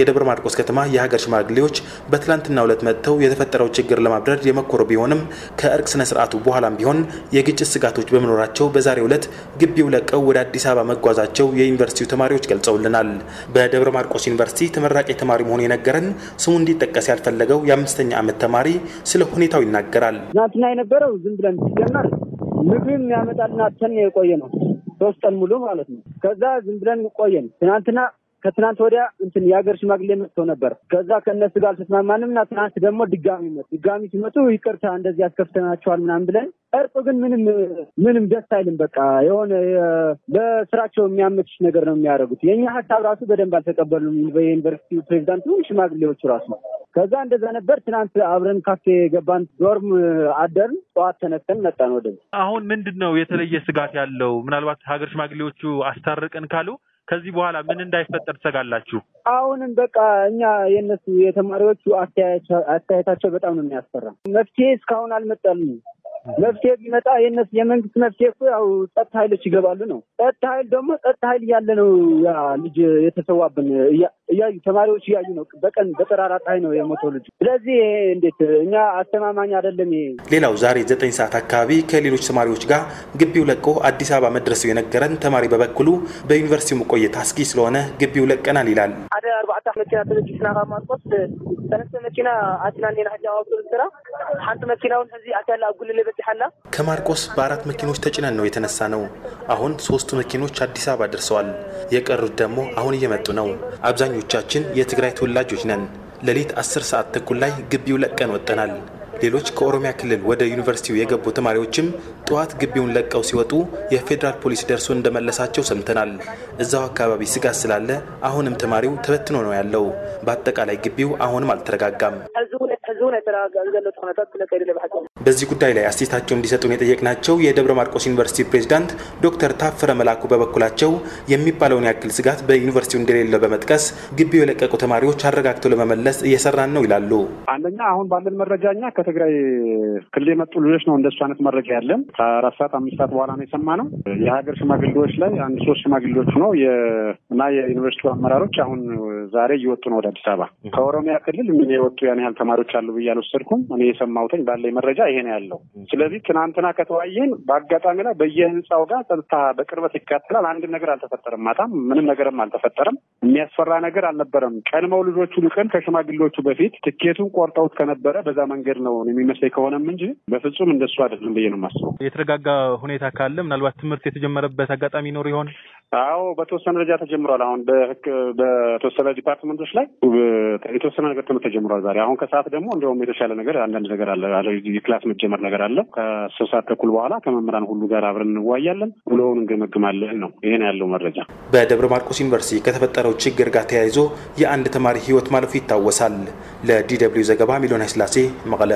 የደብረ ማርቆስ ከተማ የሀገር ሽማግሌዎች በትላንትና ዕለት መጥተው የተፈጠረው ችግር ለማብረድ የመኮረ ቢሆንም ከእርቅ ስነ ስርዓቱ በኋላም ቢሆን የግጭት ስጋቶች በመኖራቸው በዛሬው ዕለት ግቢው ለቀው ወደ አዲስ አበባ መጓዛቸው የዩኒቨርሲቲው ተማሪዎች ገልጸውልናል። በደብረ ማርቆስ ዩኒቨርሲቲ ተመራቂ ተማሪ መሆኑ የነገረን ስሙ እንዲጠቀስ ያልፈለገው የአምስተኛ ዓመት ተማሪ ስለ ሁኔታው ይናገራል። ትናንትና የነበረው ዝም ብለን ሲጀመር ምግብ የሚያመጣልን አተን የቆየ ነው። ሶስት ቀን ሙሉ ማለት ነው። ከዛ ዝም ብለን ቆየን። ትናንትና ከትናንት ወዲያ እንትን የሀገር ሽማግሌ መጥተው ነበር። ከዛ ከእነሱ ጋር አልተስማማንም እና ትናንት ደግሞ ድጋሚ መጡ። ድጋሚ ሲመጡ ይቅርታ እንደዚህ አስከፍተናቸዋል ምናምን ብለን እርጡ ግን ምንም ምንም ደስ አይልም። በቃ የሆነ በስራቸው የሚያመች ነገር ነው የሚያደርጉት። የእኛ ሀሳብ ራሱ በደንብ አልተቀበሉም። በዩኒቨርሲቲ ፕሬዚዳንቱ ሽማግሌዎቹ ራሱ ከዛ እንደዛ ነበር። ትናንት አብረን ካፌ ገባን፣ ዶርም አደርን። ጠዋት ተነስተን መጣን ወደ አሁን ምንድን ነው የተለየ ስጋት ያለው ምናልባት ሀገር ሽማግሌዎቹ አስታርቅን ካሉ ከዚህ በኋላ ምን እንዳይፈጠር ትሰጋላችሁ? አሁንም በቃ እኛ የነሱ የተማሪዎቹ አስተያየታቸው በጣም ነው የሚያስፈራ። መፍትሄ እስካሁን አልመጣልንም። መፍትሄ ቢመጣ የነሱ የመንግስት መፍትሄ እኮ ያው ጸጥታ ኃይሎች ይገባሉ ነው። ጸጥታ ኃይል ደግሞ ጸጥታ ኃይል እያለ ነው ያ ልጅ የተሰዋብን እያዩ ተማሪዎች እያዩ ነው። በቀን በጠራራ ፀሐይ ነው የሞተው ልጅ። ስለዚህ ይሄ እንዴት እኛ አስተማማኝ አይደለም። ይሄ ሌላው ዛሬ ዘጠኝ ሰዓት አካባቢ ከሌሎች ተማሪዎች ጋር ግቢው ለቆ አዲስ አበባ መድረሰው የነገረን ተማሪ በበኩሉ በዩኒቨርሲቲው መቆየት አስጊ ስለሆነ ግቢው ለቀናል ይላል። ኣርባዕተ መኪና ተበጊስና ካብ ማርቆስ ሰለስተ መኪና ኣትና ኔና ሕጂ ኣብ ኣውቶቡስ ሓንቲ መኪና እውን ሕዚ ኣትያላ ኣብ ጉልለ በፂሓላ ከማርቆስ በአራት መኪኖች ተጭነን ነው የተነሳ ነው። አሁን ሶስቱ መኪኖች አዲስ አበባ ደርሰዋል። የቀሩት ደግሞ አሁን እየመጡ ነው። አብዛኞቻችን የትግራይ ተወላጆች ነን። ሌሊት አስር ሰዓት ተኩል ላይ ግቢው ለቀን ወጠናል። ሌሎች ከኦሮሚያ ክልል ወደ ዩኒቨርሲቲው የገቡ ተማሪዎችም ጠዋት ግቢውን ለቀው ሲወጡ የፌዴራል ፖሊስ ደርሶ እንደመለሳቸው ሰምተናል። እዛው አካባቢ ስጋት ስላለ አሁንም ተማሪው ተበትኖ ነው ያለው። በአጠቃላይ ግቢው አሁንም አልተረጋጋም። በዚህ ጉዳይ ላይ አስተያየታቸውን እንዲሰጡን የጠየቅናቸው የደብረ ማርቆስ ዩኒቨርሲቲ ፕሬዚዳንት ዶክተር ታፈረ መላኩ በበኩላቸው የሚባለውን ያክል ስጋት በዩኒቨርሲቲው እንደሌለ በመጥቀስ ግቢው የለቀቁ ተማሪዎች አረጋግተው ለመመለስ እየሰራን ነው ይላሉ። አንደኛ አሁን ባለን መረጃ ከትግራይ ክልል የመጡ ልጆች ነው እንደሱ አይነት መረጃ ያለን። ከአራት ሰዓት አምስት ሰዓት በኋላ ነው የሰማ ነው። የሀገር ሽማግሌዎች ላይ አንድ ሶስት ሽማግሌዎች ነው እና የዩኒቨርሲቲው አመራሮች አሁን ዛሬ እየወጡ ነው ወደ አዲስ አበባ። ከኦሮሚያ ክልል ምን የወጡ ያን ያህል ተማሪዎች አሉ ብዬ አልወሰድኩም። እኔ የሰማሁትኝ ባለኝ መረጃ ይሄ ነው ያለው። ስለዚህ ትናንትና ከተወያየን በአጋጣሚ ላይ በየህንፃው ጋር ጸጥታ በቅርበት ይካተላል። አንድ ነገር አልተፈጠረም። ማታም ምንም ነገርም አልተፈጠረም። የሚያስፈራ ነገር አልነበረም። ቀድመው ልጆቹ ልቀን ከሽማግሌዎቹ በፊት ትኬቱን ቆርጠውት ከነበረ በዛ መንገድ ነው የሚመስለኝ ከሆነም እንጂ በፍጹም እንደሱ አይደለም ብዬ ነው የማስበው። የተረጋጋ ሁኔታ ካለ ምናልባት ትምህርት የተጀመረበት አጋጣሚ ይኖር ይሆን? አዎ በተወሰነ ደረጃ ተጀምሯል። አሁን በህግ በተወሰነ ዲፓርትመንቶች ላይ የተወሰነ ነገር ትምህርት ተጀምሯል። ዛሬ አሁን ከሰዓት ደግሞ እንደውም የተሻለ ነገር አንዳንድ ነገር አለ። የክላስ መጀመር ነገር አለ። ከሶስት ሰዓት ተኩል በኋላ ከመምህራን ሁሉ ጋር አብረን እንዋያለን፣ ውሎውን እንገመግማለን ነው። ይሄ ያለው መረጃ። በደብረ ማርቆስ ዩኒቨርሲቲ ከተፈጠረው ችግር ጋር ተያይዞ የአንድ ተማሪ ህይወት ማለፉ ይታወሳል። ለዲ ደብልዩ ዘገባ ሚሊዮን ስላሴ መቀለ